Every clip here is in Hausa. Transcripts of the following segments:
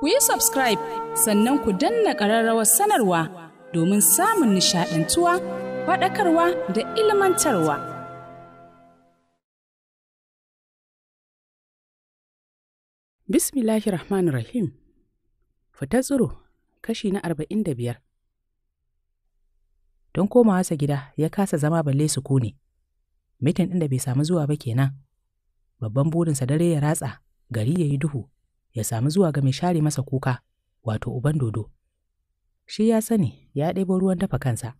ku yi subscribe sannan ku danna ƙararrawar sanarwa domin samun nishaɗantuwa faɗakarwa da ilmantarwa. Bismillahi Rahmanir Rahim Fita tsuro, kashi na arba'in da biyar. Don komawarsa gida ya kasa zama balle su kone. Mitin ɗin da bai samu zuwa ba kenan. Babban burinsa dare ya ratsa, gari ya yi duhu, ya sami zuwa ga mai share masa kuka, wato uban dodo. Shi ya sani ya ɗebo ruwan dafa kansa.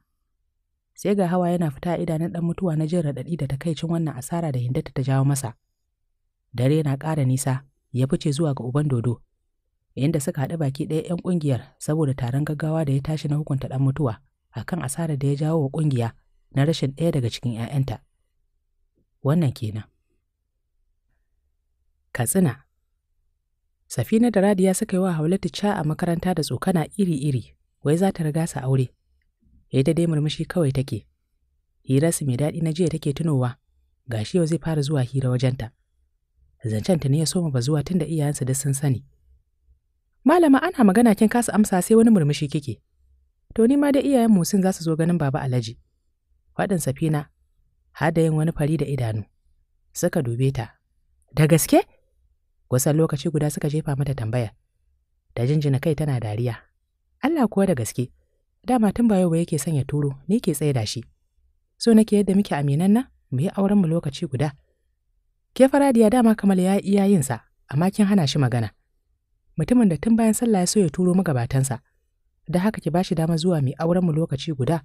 Sai ga hawa yana fita a idanun ɗan mutuwa na jin raɗaɗi da takaicin wannan asara da hindata ta jawo masa. Dare na ƙara nisa, ya fice zuwa ga uban dodo, inda suka haɗu baki ɗaya 'yan ƙungiyar saboda taron gaggawa da ya tashi na hukunta ɗan mutuwa akan asarar da ya jawo wa ƙungiya na rashin ɗaya daga cikin 'ya'yanta. Wannan kenan. Katsina Safina da Radiya suka yi wa Haulatu ca a makaranta da tsokana iri-iri, wai za ta riga su aure. Ya dai murmushi kawai take. su mai daɗi na jiya take tunowa, gashi yau zai fara zuwa hira wajenta. Zancen ta ne ya soma ba zuwa tunda iyayensa duk sun sani. Malama ana magana kin kasa amsa sai wani murmushi kike. To ni ma da iyayen sun za su zo ganin Baba Alhaji. Faɗin Safina, har da yin wani fari da idanu. Suka dube ta. Da gaske? wasan lokaci guda suka jefa mata tambaya. Da jinjina kai tana dariya. Allah kuwa da gaske, dama tun ba yau ba yake sanya turo, ni ke tsaye da shi. So nake yadda muke aminan nan, mu yi aurenmu lokaci guda. Ke faradiya dama kamar ya iya yinsa, amma kin hana shi magana. Mutumin da tun bayan sallah ya so ya turo magabatansa, da haka ki bashi dama zuwa mu aurenmu lokaci guda,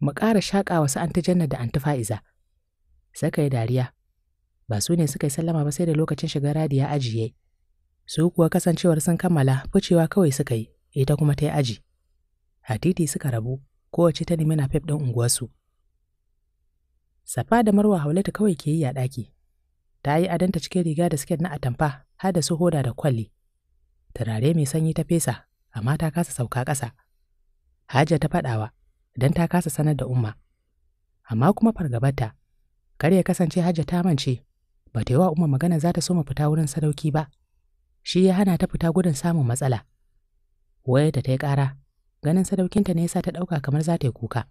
mu ƙara shaƙa wasu antijanna da antifa'iza. Saka kai dariya, ba su ne suka yi sallama ba sai da lokacin shiga radi ya ajiye su kuwa kasancewar sun kammala ficewa kawai suka yi ita kuma ta yi aji A titi suka rabu kowace ta nemi na fef ɗin unguwarsu safa da marwa haulatu kawai ke yi a ɗaki ta yi adanta cikin riga da siket na atamfa har da su hoda da kwalli turare mai sanyi ta fesa amma ta kasa sauka ƙasa hajiya ta faɗawa don ta kasa sanar da umma amma kuma fargabarta kar ya kasance hajja ta mance ba ta yi wa umar magana za ta so ma fita wurin sadauki ba, shi ya hana ta fita gudun samun matsala. Wayarta ta yi ƙara, ganin sadaukinta ne yasa ta ɗauka kamar za ta yi kuka.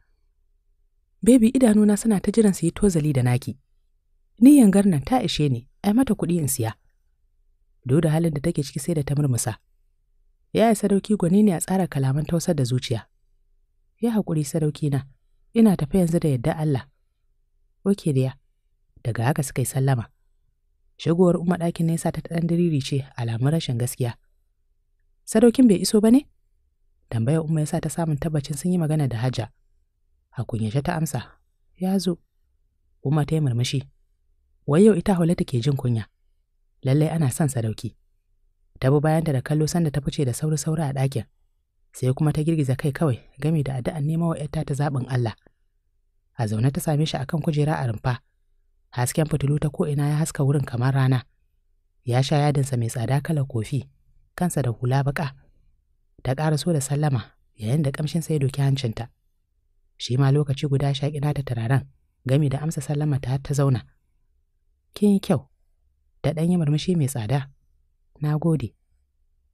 Bebi idanuna suna ta jiran su yi tozali da naki. Ni yangar nan ta ishe ni, ai mata kuɗi in siya. Duk da halin da take ciki sai da ta murmusa. Ya yi sadauki gwani ne a tsara kalaman tausar da zuciya. Ya haƙuri sadauki na, ina tafi yanzu da yadda Allah. Oke diya, daga haka suka yi sallama. Shigowar Umma ɗakin nesa ta ɗan diriri ce alamun rashin gaskiya. Sadaukin bai iso ba ne? Tambayar Umma ya sa ta samun tabbacin sun yi magana da Hajja. A kunyashe ta amsa, ya zo. Umar ta yi murmushi. Wai yau ita ta ke jin kunya. Lallai ana son sadauki. Ta bi bayanta da kallo sanda ta fice da sauri-sauri a ɗakin. Sai kuma ta girgiza kai kawai game da addu'an nema wa ‘yarta ta zaɓin Allah. A zaune ta same shi akan kujera a rumfa. Hasken fitilu ta ko'ina ya haska wurin kamar rana. Ya sha yadinsa mai tsada kalar kofi, kansa da hula baƙa. Ta ƙara so da sallama yayin da ƙamshin sai doki hancinta. Shi ma lokaci guda ƙina ta turaren gami da amsa sallama ta ta zauna. Kin yi kyau, da ɗan yi murmushi mai tsada. Na gode.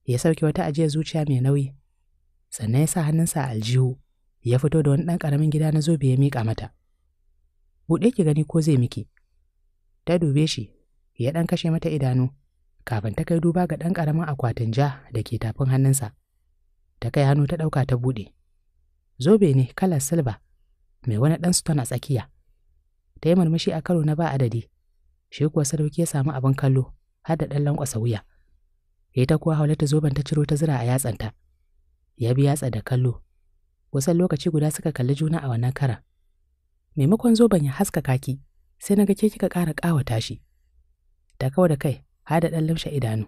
Ya sauke wata ajiyar zuciya mai nauyi, sannan ya sa hannunsa a aljihu, ya fito da wani ɗan ƙaramin gida na zobe ya miƙa mata. Buɗe ki gani ko zai miki. ta dube shi ya ɗan kashe mata idanu kafin ta kai duba ga ɗan ƙaramin akwatin ja da ke tafin hannunsa ta kai hannu ta ɗauka ta buɗe zobe ne kalar silba mai wani ɗan suton a tsakiya ta yi murmushi a karo na ba adadi shi kuwa sadauki ya samu abin kallo har da ɗan lankwasa wuya ita kuwa haulata zoben ta ciro ta zira a yatsanta ya bi yatsa da kallo wasan lokaci guda suka kalli juna a wannan karan maimakon zoben ya haskaka ki sai na ga ke kika ƙara ƙawata shi. Da kawo da kai, da ɗan lamshe idanu.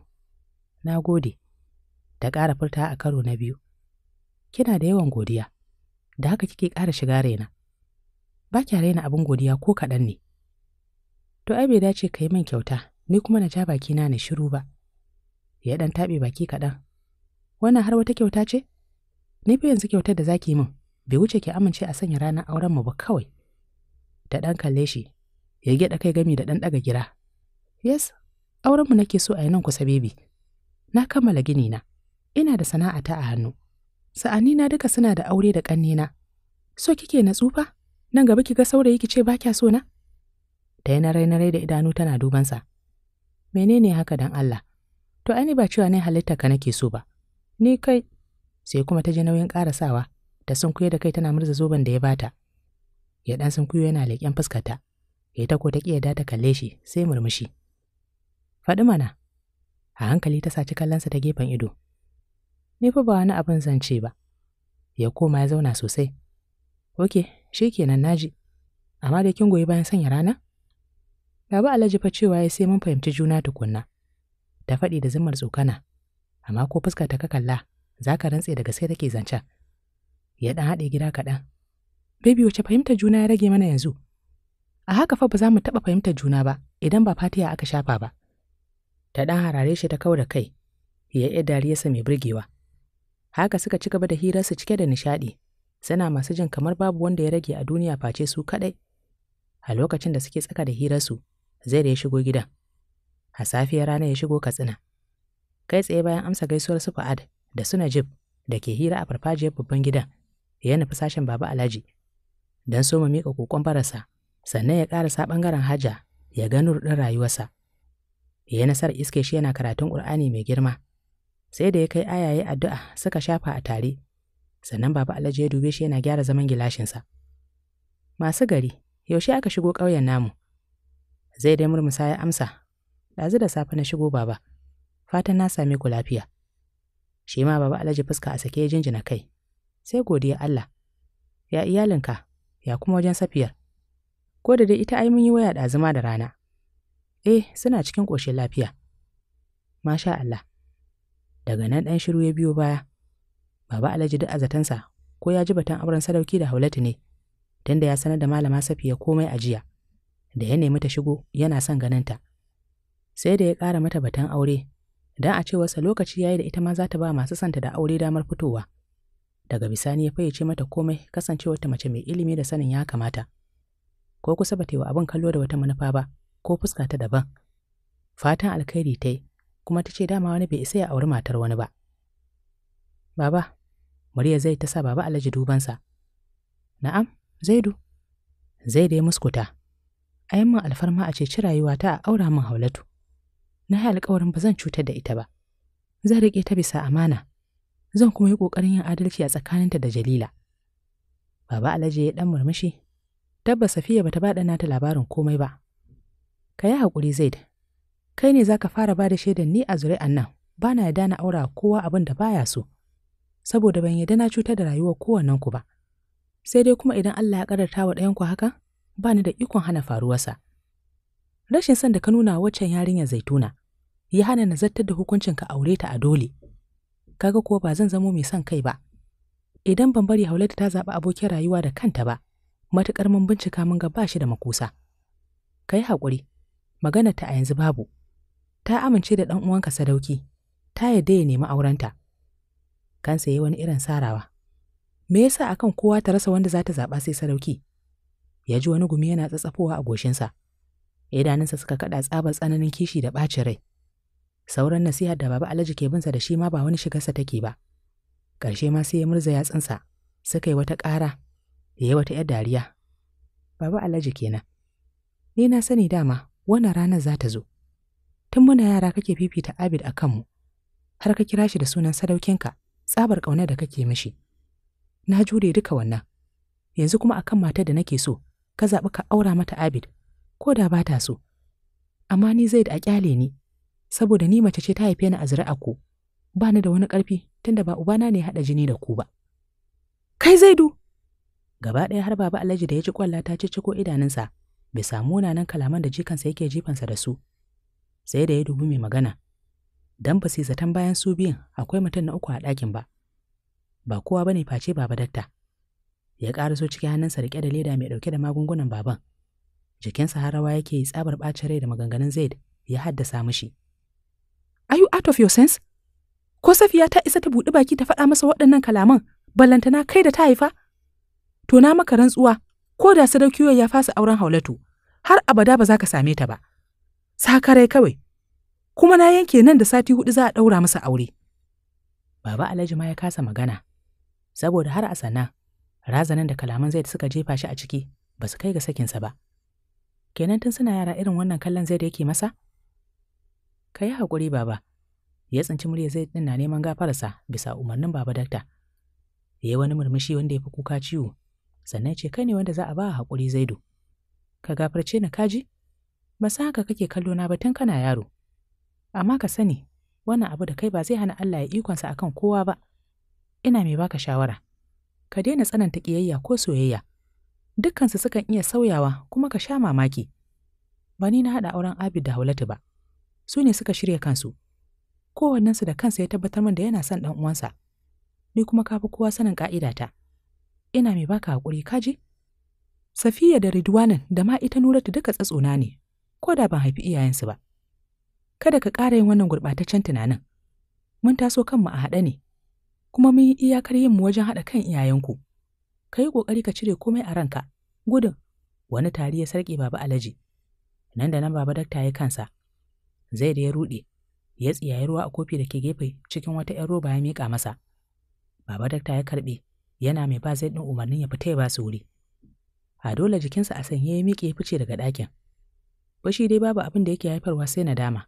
Na gode. da ƙara furta a karo na biyu. Kina da yawan godiya, da haka kike ƙara shiga raina. Ba kya raina abin godiya ko kaɗan ne. To ai bai dace ka yi min kyauta, ni kuma na ja baki na shiru ba. Ya ɗan taɓe baki kaɗan. Wannan har wata kyauta ce? Ni fi yanzu kyautar da zaki min, bai wuce ki amince a sanya ranar auren mu ba kawai. Da ɗan kalle shi, ya gyaɗa kai gami da ɗan ɗaga gira. Yes, aurenmu nake so a yi nan kusa bebi. Na kammala gini na, ina da sana'a ta a hannu. Sa'ani na duka suna da aure da ƙannena. So kike na tsufa? Nan gaba ki ga saurayi ki ce ba kya so na? Da yana rai na rai da idanu tana dubansa. Menene haka dan Allah? To ai ba cewa ne halitta ka nake so ba. Ni kai sai kuma ta ji nauyin ƙarasawa da sunkuye da kai tana murza zoben da ya bata. Ya ɗan sunkuyo yana leƙen fuskarta. ita ko ta ƙi da ta kalle shi sai murmushi. Faɗi mana, a hankali ta saci kallon sa ta gefen ido. Ni fa ba wani abin zance ba, ya koma ya zauna sosai. Oke, shi kenan naji, amma da kin goyi bayan sanya rana? Baba Alhaji fa cewa ya sai mun fahimci juna tukunna. Ta faɗi da zimmar tsokana, amma ko fuska ta ka kalla, za ka rantse sai ta take zancen. Ya ɗan haɗe gida kaɗan. Baby wace fahimtar juna ya rage mana yanzu? A haka fa ba za mu taɓa fahimtar juna ba idan ba fatiya aka shafa ba. Ta ɗan harare shi ta kau da kai, ya yi dariyarsa mai burgewa. Haka suka ci gaba da hirarsu cike da nishaɗi, suna masu jin kamar babu wanda ya rage a duniya face su kaɗai. A lokacin da suke tsaka da hirarsu, zai da ya shigo gidan. A safiyar rana ya shigo Katsina. Kai tsaye bayan amsa gaisuwar su Fa'ad da sunajib jib da ke hira a farfajiyar babban gidan, ya nufi sashen Baba Alhaji. Don so mu miƙa kokon barasa sannan ya ƙara ƙarasa ɓangaren haja ya ga nur rayuwarsa. Ya yi nasarar iske shi yana karatun Ƙur'ani mai girma, sai da ya kai ayaye addu'a suka shafa a tare, sannan Baba Alhaji ya dube shi yana gyara zaman gilashinsa. Masu gari, yaushe aka shigo ƙauyen namu? Zai dai murmusa ya amsa, ɗazu da safe na shigo baba, fatan na same ku lafiya. Shi ma Baba Alhaji fuska a sake ya jinjina kai, sai godiya Allah. Ya iyalinka, ya kuma wajen safiyar. ko da dai ita ai mun yi waya da ɗazuma da rana. Eh, suna cikin ƙoshin lafiya. Masha Allah. Daga nan ɗan shiru ya biyo baya. Baba Alhaji duk azatansa ko ya ji batun auren sadauki da Haulatu ne, don da ya sanar da malama Safiya komai a jiya. Da ya nemi ta shigo yana son ganinta. Sai da ya ƙara mata batun aure, don a cewarsa lokaci yayi da ita ma za ta ba masu santa da aure damar fitowa. Daga bisani ya fayyace mata komai kasancewarta mace mai ilimi da sanin ya kamata. ko kusa ba ta yi wa abin kallo da wata manufa ba ko fuska ta daban fatan alkhairi ta yi kuma ta ce dama wani bai isa ya auri matar wani ba baba murya zai ta sa baba alhaji dubansa na'am zaidu zai dai muskuta a min alfarma a ce rayuwa rayuwata a aura min haulatu na yi alkawarin ba zan cutar da ita ba zan riƙe ta bisa amana zan kuma yi ƙoƙarin yin adalci a tsakaninta da jalila baba alhaji ya ɗan murmushi tabbas Safiya bata ba ta labarin komai ba. Ka yi haƙuri Zaid, kai ne za ka fara bada shaidan ni a zuri'an nan, ba na yarda na aura kowa abin da baya so, saboda ban yarda na cutar da rayuwar kowannen ku ba. Sai dai kuma idan Allah ya ƙadarta wa ɗayanku haka, ba ni da ikon hana faruwarsa. Rashin son da ka nuna waccan yarinyar zaituna, ya hana na zartar da hukuncin ka aure ta a dole. Kaga kuwa ba zan zamo mai son kai ba. Idan ban bari Haulatu ta zaɓi abokin rayuwa da kanta ba, matuƙar mun bincika mun ga bashi da makusa. Ka yi haƙuri, magana ta a yanzu babu. Ta amince da ɗan uwanka sadauki, ta yarda ya nemi aurenta. Kansa ya wani irin sarawa. Me yasa akan kowa ta rasa wanda za ta zaɓa sai sadauki? Ya ji wani gumi yana tsatsafowa a goshinsa. Idanunsa suka kaɗa tsabar tsananin kishi da ɓacin rai. Sauran nasihar da baba Alhaji ke binsa da shi ma ba wani shigarsa take ba. Ƙarshe ma sai ya murza yatsunsa, suka yi wata ƙara ya wata ‘yar dariya. Baba Alhaji kenan. Ni na sani dama wannan ranar za ta zo. Tun muna yara kake fifita Abid a kanmu, har ka kira shi da sunan sadaukinka, tsabar ƙaunar da kake mishi. Na jure duka wannan, yanzu kuma akan matar da nake so, ka zaɓi ka aura mata Abid, ko da ba ta so. Amma ni zai da a ƙyale ni, saboda ni mace ce ta haife ni a zuri'a ko, ba ni da wani ƙarfi tunda ba ubana ne haɗa jini da ku ba. Kai Zaidu, Gaba ɗaya har baba Alhaji da ya ji kwalla ta cicciko idanunsa, bai samu nan kalaman da jikansa yake jifansa da su. Sai da ya dubi mai magana. Dan ba zaton bayan su biyun akwai mutum na uku a ɗakin ba. Ba kowa ba ne face baba datta. Ya ƙara so cikin hannunsa riƙe da leda mai ɗauke da magungunan baban. Jikinsa har rawa yake yi tsabar ɓacin rai da maganganun Zaid ya haddasa mishi. Are you out of your sense? Ko Safiya ta isa ta buɗi baki ta faɗa masa waɗannan kalaman, ballantana kai da ta haifa? to na maka rantsuwa ko da sadaukiyo ya fasa auren haulatu har abada ba za ka same ta ba sakarai kawai kuma na yanke nan da sati hudu za a ɗaura masa aure baba alhaji ma ya kasa magana saboda har a sana razanin da kalaman zai suka jefa shi a ciki ba su kai ga sakinsa ba kenan tun suna yara irin wannan kallon zai da yake masa ka yi haƙuri baba ya tsinci murya zai ɗin na neman gafararsa bisa umarnin baba dakta ya yi wani murmushi wanda ya fi kuka ciwo sannan ce kai ne wanda za a ba haƙuri zaidu ka gafarce na kaji ba sa haka kake kallo na ba tun kana yaro amma ka sani wannan abu da kai ba zai hana Allah ya ikonsa akan kowa ba ina mai baka shawara ka daina tsananta kiyayya ko soyayya dukkansu sukan iya sauyawa kuma ka sha mamaki ba ni na haɗa auren Abid da Haulatu ba su ne suka shirya kansu kowannensu da kansa ya tabbatar min da yana son ɗan uwansa ni kuma kafi kowa sanin ƙa'ida ta ina mai baka haƙuri kaje Safiya da Ridwanan da ma ita Nuratu duka tsatsona ne, ko da ban haifi iyayensu ba. Kada ka ƙara yin wannan gurɓataccen tunanin. Mun taso kanmu a haɗe ne, kuma mun yi iyakar yin mu wajen haɗa kan iyayenku. Ka yi ƙoƙari ka cire komai a ranka, gudun wani tari ya sarƙe baba alaji. Nan da nan baba dakta ya kansa. Zai da ya ruɗe, ya tsiyayi ruwa a kofi da ke gefe cikin wata ‘yan roba ya mika masa. Baba dakta ya karɓe, yana mai ba zai ɗin umarnin ya fita ya ba su wuri. A dole jikinsa a sanye ya miƙe ya fice daga ɗakin. Bashi dai babu abin da yake haifarwa sai nadama.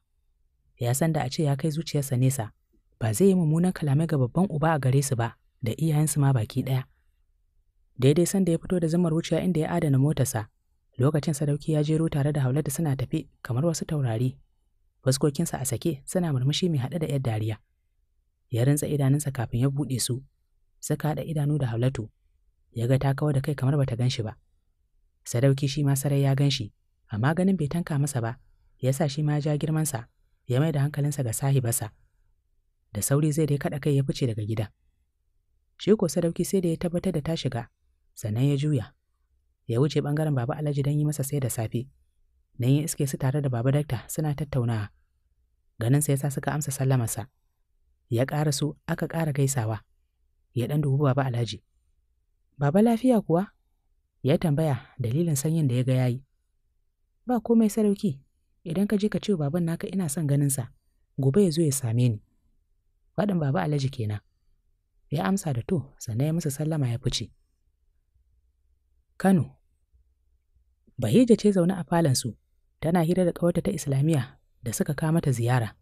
Ya san da a ce ya kai zuciyarsa nesa, ba zai yi mummunan kalamai ga babban uba a gare su ba, da iyayensu ma baki ɗaya. Daidai sanda ya fito da zamar wuciya inda ya adana motarsa, lokacin sadauki ya jero tare da da suna tafi kamar wasu taurari. Fuskokinsa a sake suna murmushi mai haɗe da 'yar dariya. Ya rantsa idanunsa kafin ya buɗe su, suka haɗa idanu da Haulatu, ya ga ta kawar da kai kamar bata gan shi ba. Sadauki shi ma sarai ya gan shi, amma ganin bai tanka masa ba, ya sa shi ma ya ja girmansa, ya mai da hankalinsa ga sahibarsa. Da sauri zai dai kaɗa kai ya fice daga gida. Shi ko sadauki sai da ya tabbatar da ta shiga, sannan ya juya. Ya wuce ɓangaren Baba Alhaji don yi masa sai da safe. Nan ya iske su tare da Baba Dakta suna tattaunawa. Ganinsa ya sa suka amsa sallamarsa. Ya ƙara su aka ƙara gaisawa. ya ɗan dubi baba alhaji. Baba lafiya kuwa? Ya tambaya dalilin sanyin da ya ga yayi. Ba komai sarauki, idan ka je ka ce baban naka ina son ganinsa, gobe ya zo ya same ni. Faɗin baba alhaji kenan. Ya amsa da to, sannan ya masa sallama ya fice. Kano Bahija ce zaune a falansu, tana hira da ƙawarta ta Islamiyya da suka kama ta ziyara.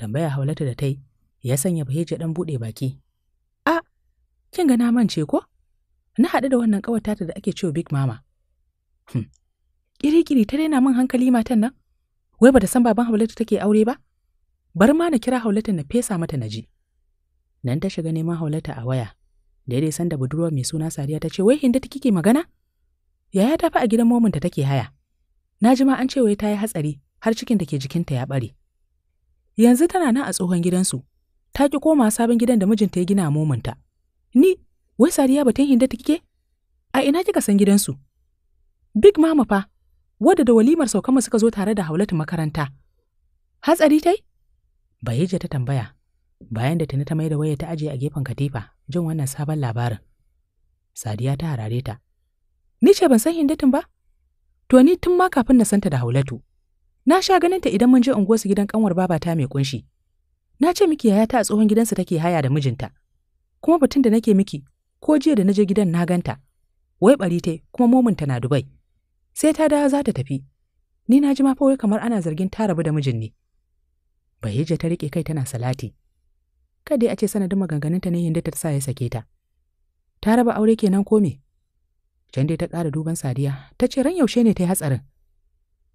Tambaya haulata da ta yi, ya sanya Bahija ɗan buɗe baki, Kin ga na mance ko? Na haɗu da wannan ƙawata da ake cewa Big Mama. Hmm. Kiri-kiri ta daina min hankali matan nan? Wai bata san baban haulata take aure ba? Bar ma na kira haulatar na fesa mata na ji. Nan ta shiga neman Haulatu a waya. Daidai san da budurwa mai suna Sariya ta ce wai Hinda ta kike magana? Yaya ta fa a gidan ta take haya. Na ji ma an ce wai ta yi hatsari har cikin da ke jikinta ya bare. Yanzu tana nan a tsohon gidansu. Ta ki koma sabon gidan da mijinta ya gina ta. Ni, wai Sadiya batun hinda ta kike? A ina kika san gidansu? Big Mama fa, wadda da walimar saukanmu suka zo tare da haulatu makaranta. Hatsari tai? Bahija ta tambaya, bayan da tuni ta mai da waya ta ajiye a gefen katifa jin wannan sabon labarin. Sadiya ta harare ta. Ni ce ban san hindatin ba? To ni tun ma kafin na santa da haulatu. Na sha ganin ta idan mun je unguwarsu gidan kanwar babata mai kunshi. Na ce miki yaya ta a tsohon gidansa take haya da mijinta. kuma batun da nake miki ko jiya da naje gidan na ganta wai bari tai kuma mominta na dubai sai ta da za ta tafi ni na ji ma fa wai kamar ana zargin ta rabu da mijin ne bahija ta rike kai tana salati kada a ce sanadin maganganunta ne yadda ta sa ya sake ta ta raba aure kenan ko me can dai ta ƙara duban sadiya ta ce ran yaushe ne ta yi hatsarin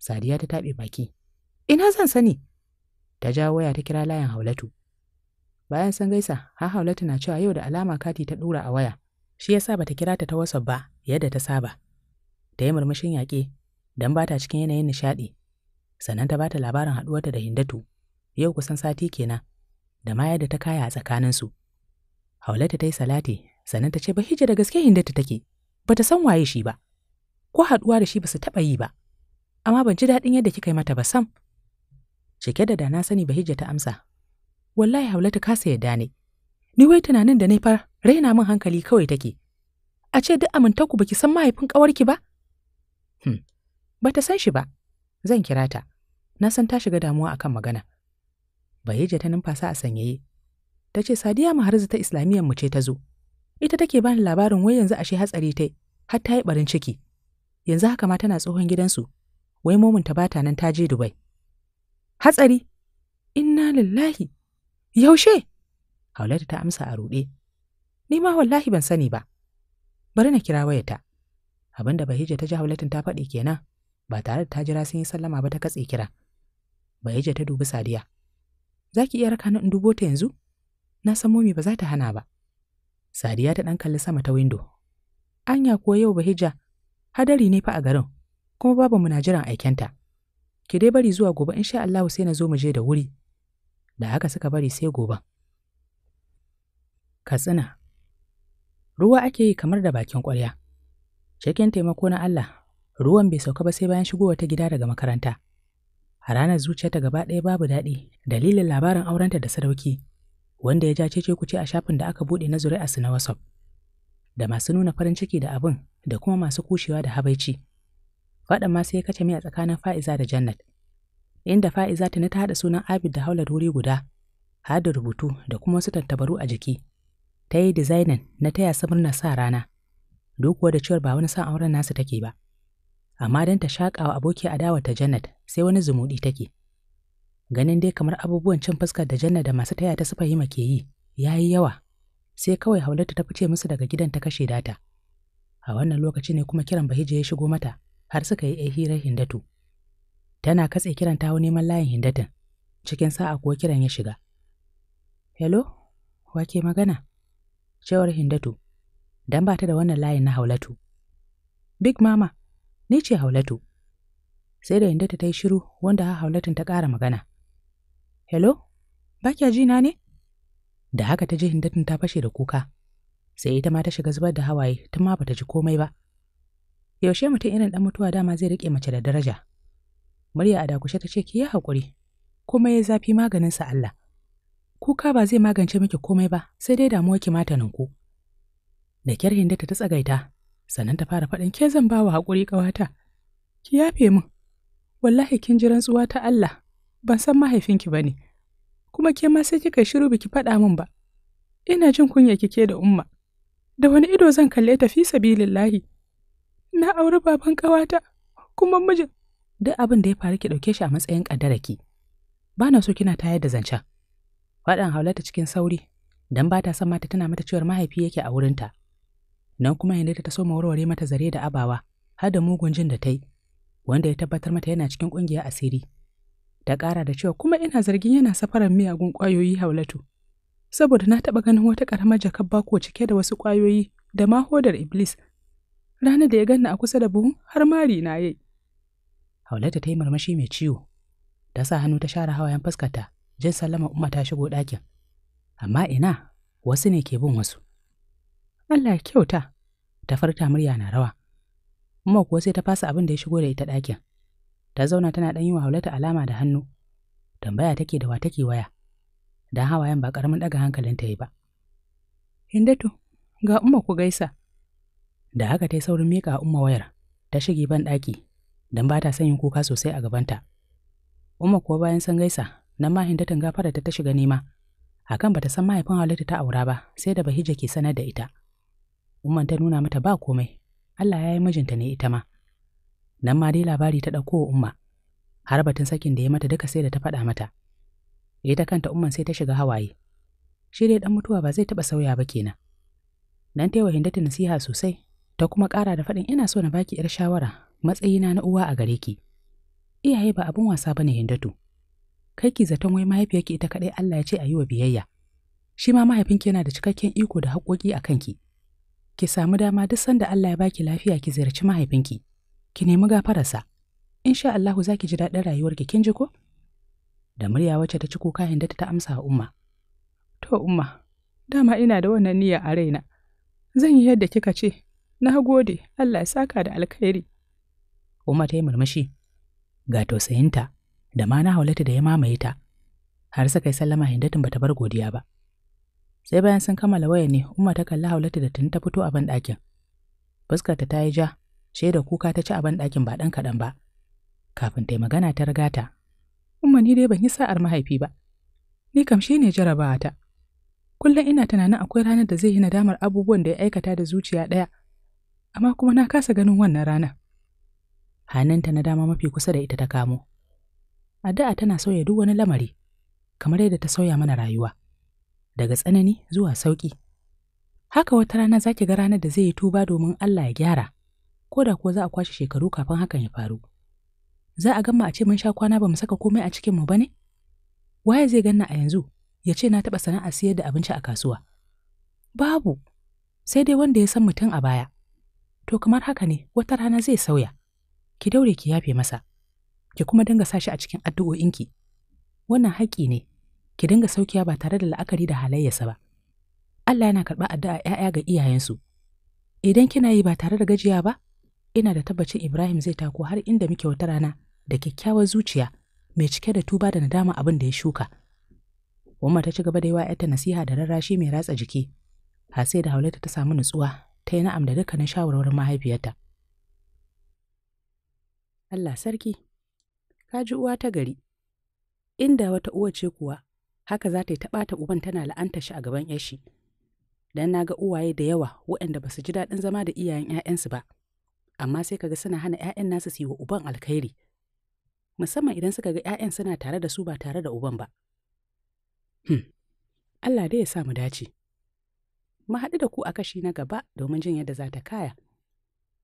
sadiya ta taɓe baki ina zan sani ta ja waya ta kira layin haulatu Bayan san gaisa, har haula na cewa yau da alama kati ta dura a waya. Shi yasa bata kira ta ta WhatsApp ba, yadda ta saba. ta yi murmushin yaƙe, dan bata cikin yanayin nishaɗi. Sannan ta bata labarin haɗuwarta da Hindatu. Yau kusan sati kenan, da ma yadda ta kaya a tsakaninsu. haulata ta yi salati, sannan ta ce ba hijja da gaske Hindatu take, bata san waye shi ba. Ko haɗuwa da shi ba su taɓa yi ba. Amma ban ji daɗin yadda kika yi mata ba sam. Cike da da na sani Bahijja ta amsa, wallahi haula ta kasa yadda ne. Ni wai tunanin da na fa raina min hankali kawai take. A ce duk amintanku baki san mahaifin ƙawarki ba? Hmm. Ba ta san shi ba. Zan kira ta. Na san ta shiga damuwa akan magana. Bayyaje ta numfasa a sanyaye. Ta ce Sadiya Maharzu ta Islamiyyar mu ce ta zo. Ita take bani labarin wai yanzu ashe hatsari tai har ta yi barin ciki. Yanzu haka ma tana tsohon gidansu. Wai momin ta bata nan ta je Dubai. Hatsari? Inna lillahi. Yaushe? Haulatu ta amsa a ruɗe. Ni ma wallahi ban sani ba. Bari na kira wayata. Abin da Bahija ta ji Haulatun ta faɗi kenan, ba tare da ta jira sun yi sallama ba ta katse kira. Bahija ta dubi Sadiya. Za ki iya raka in dubo ta yanzu? Na san momi ba za ta hana ba. Sadiya ta ɗan kalli sama ta windo. Anya ko yau Bahija, hadari ne fa a garin, kuma babu muna jiran aikenta. Ki dai bari zuwa gobe in sha Allahu sai na zo mu je da wuri. da haka suka bari sai gobe. Katsina Ruwa ake yi kamar da bakin ƙwarya. Cikin taimako na Allah, ruwan bai sauka ba sai bayan shigo wata gida daga makaranta. A ranar zuciyarta gaba ɗaya babu daɗi dalilin labarin aurenta da sadauki, wanda ya ja cece kuce a shafin da aka buɗe na zuri'a su na wasop. Da masu nuna farin ciki da abin da kuma masu kushewa da habaici. Faɗan ma sai ya kace mai a tsakanin Fa'iza da Jannat. inda fa'iza ta ta haɗa sunan Abid da haular wuri guda, haɗa rubutu da kuma wasu tattabaru a jiki. Ta yi dizainin na taya samurna na sa rana, duk da cewar ba wani san auren nasu take ba. Amma don ta shaƙa wa aboki adawa ta Jannat sai wani zumuɗi take. Ganin dai kamar abubuwan cin fuskar da Jannat da masu taya ta sufa yi ke yi, ya yi yawa, sai kawai Haulatu ta fice musu daga gidan ta kashe data. A wannan lokaci ne kuma kiran Bahija ya shigo mata, har suka yi hira Hindatu. Tana katse kiran ta neman layin hindatin. Cikin sa'a kuwa kiran ya shiga. Hello, wa magana? Cewar hindatu, dan ba ta da wannan layin na haulatu. Big Mama, ni ce haulatu. Sai da hindatu ta yi shiru wanda ha haulatun ta ƙara magana. Hello, ba kya jina ne? Da haka ta ji hindatun ta fashe da kuka, sai ita ma ta shiga zubar da hawaye tun ma bata ji komai ba. Yaushe mutum irin ɗan mutuwa dama zai riƙe mace da daraja. Murya a dakushe ta ce ki yi haƙuri, kuma ya zafi maganinsa Allah. Kuka ba zai magance miki komai ba, sai dai damuwa ki mata ku. Da kyar Hindata ta tsagaita, sannan ta fara faɗin ke zan bawa haƙuri ƙawata. Ki yafe min, wallahi kin ji rantsuwa ta Allah, ban san mahaifinki ba ne, kuma ke ma sai kika shiru biki faɗa min ba. Ina jin kunya kike da umma. Da wani ido zan kalle ta fi sabilillahi. Na auri baban ƙawata, kuma mijin duk abin da ya faru ki ɗauke shi a matsayin ƙaddararki. Ba na so kina tayar da zancen. Faɗan haulata cikin sauri, don ba ta san mata tana mata cewar mahaifi yake a wurinta. Nan kuma yanzu ta so warware mata zare da abawa, har da mugun jin da ta yi, wanda ya tabbatar mata yana cikin ƙungiya asiri. Ta ƙara da cewa kuma ina zargin yana safarar miyagun ƙwayoyi haulatu. Saboda na taɓa ganin wata ƙaramar jakar bako cike da wasu ƙwayoyi da ma hodar Iblis. Ranar da ya ganna a kusa da buhun, har mari na yai. Haulatu ta yi marmashi mai ciwo, ta sa hannu ta share hawayen fuskarta, jin sallama umma ta shigo ɗakin. Amma ina, wasu ne ke bin wasu. Allah kyauta, ta farta murya na rawa. Umma kuwa sai ta fasa abin da ya shigo da ita ɗakin. Ta zauna tana ɗan yi wa alama da hannu. Tambaya take da wa take waya. Dan hawayen ba ƙaramin ɗaga ta yi ba. Hindatu, ga umma ku gaisa. Da haka ta yi saurin miƙa umma wayar, ta shige ban ɗaki don ba ta son yin kuka sosai a gabanta. Umma kuwa bayan san gaisa, nan ma hindatan gafara ta shiga nema. Hakan bata san mahaifin Halidu ta aura ba, sai da Bahija ke sanar da ita. Umman ta nuna mata ba komai, Allah ya yi mijinta ne ita ma. Nan ma dai labari ta ɗauko Umma, har batun sakin da ya mata duka sai da ta faɗa mata. ta kanta Umman sai ta shiga hawaye. Shi dai ɗan mutuwa ba zai taɓa sauya ba kenan. Nan ta yi wa ta nasiha sosai, ta kuma ƙara da faɗin ina so na baki 'yar shawara matsayina na uwa a gare ki. Iyaye ba abin wasa bane Hindatu. Kai ki zaton wai mahaifiyarki ita kadai Allah ya ce a yi wa biyayya. Shi ma mahaifinki yana da cikakken iko da haƙoƙi a kanki. Ki samu dama duk sanda Allah ya baki lafiya ki ziyarci mahaifinki. Ki nemi gafararsa. Insha Allah za ki ji daɗin rayuwarki kin ji ko? Da murya wacce ta ci kuka hindata ta amsa wa Umma. To Umma, dama ina da wannan niyya a raina. Zan yi yadda kika ce. Na gode, Allah ya saka da alkhairi. kuma ta yi murmushi, ga tausayinta, da ma na haulata da ya mamaye ta, har suka kai sallama hindatin bata bar godiya ba. Sai bayan sun kammala waya ne, Umma ta kalli haulata da tuni ta fito a banɗakin. Fuskarta ta yi ja, shaida kuka ta ci a banɗakin ba ɗan kaɗan ba. Kafin ta yi magana ta riga ta, Umma ni dai ban yi sa'ar mahaifi ba. Ni kam shi ne jarabawa ta. Kullum ina tunanin akwai ranar da zai yi nadamar abubuwan da ya aikata da zuciya ɗaya, amma kuma na kasa ganin wannan ranar. hannunta na dama mafi kusa da ita ta kamo. Addu'a tana sauya duk wani lamari, kamar yadda ta sauya mana rayuwa, daga tsanani zuwa sauƙi. Haka wata rana za ki ga ranar da zai yi tuba domin Allah ya gyara, ko da kuwa za a kwashe shekaru kafin hakan ya faru. Za a gama a ce mun sha kwana ba mu saka komai a cikinmu ba ne? Waye zai ganna a yanzu ya ce na taɓa sana'a siyar da abinci a kasuwa? Babu, sai dai wanda ya san mutum a baya. To kamar haka ne, wata rana zai sauya. ki daure ki yafe masa, ki kuma danga sashi a cikin addu'o'inki. Wannan haƙƙi ne, ki danga saukiya ba tare da la'akari da halayyarsa ba. Allah yana karɓa addu'a ‘ya'ya ga iyayensu. Idan kina yi ba tare da gajiya ba, ina da tabbacin Ibrahim zai tako har inda muke wata rana da kyakkyawar zuciya mai cike da tuba da nadama abin da ya shuka. Umma ta ci gaba da yi wa nasiha da rarrashi mai ratsa jiki, har sai da Haulata ta samu nutsuwa ta yi na'am da dukkanin shawarwarin mahaifiyarta. Allah sarki, ka ji uwa ta gari, inda wata uwa ce kuwa, haka za ta yi taɓata uban tana la'anta shi a gaban yashi. Dan na ga uwaye da yawa waɗanda ba su ji daɗin zama da iyayen 'ya'yansu ba, amma sai kaga suna hana 'ya'yan nasu su yi wa uban alkhairi. Musamman idan suka ga 'ya'yan suna tare da su ba tare da uban ba. Hmm. Allah dai ya sa mu dace. Mu haɗu da ku a kashi na gaba domin jin yadda za ta kaya.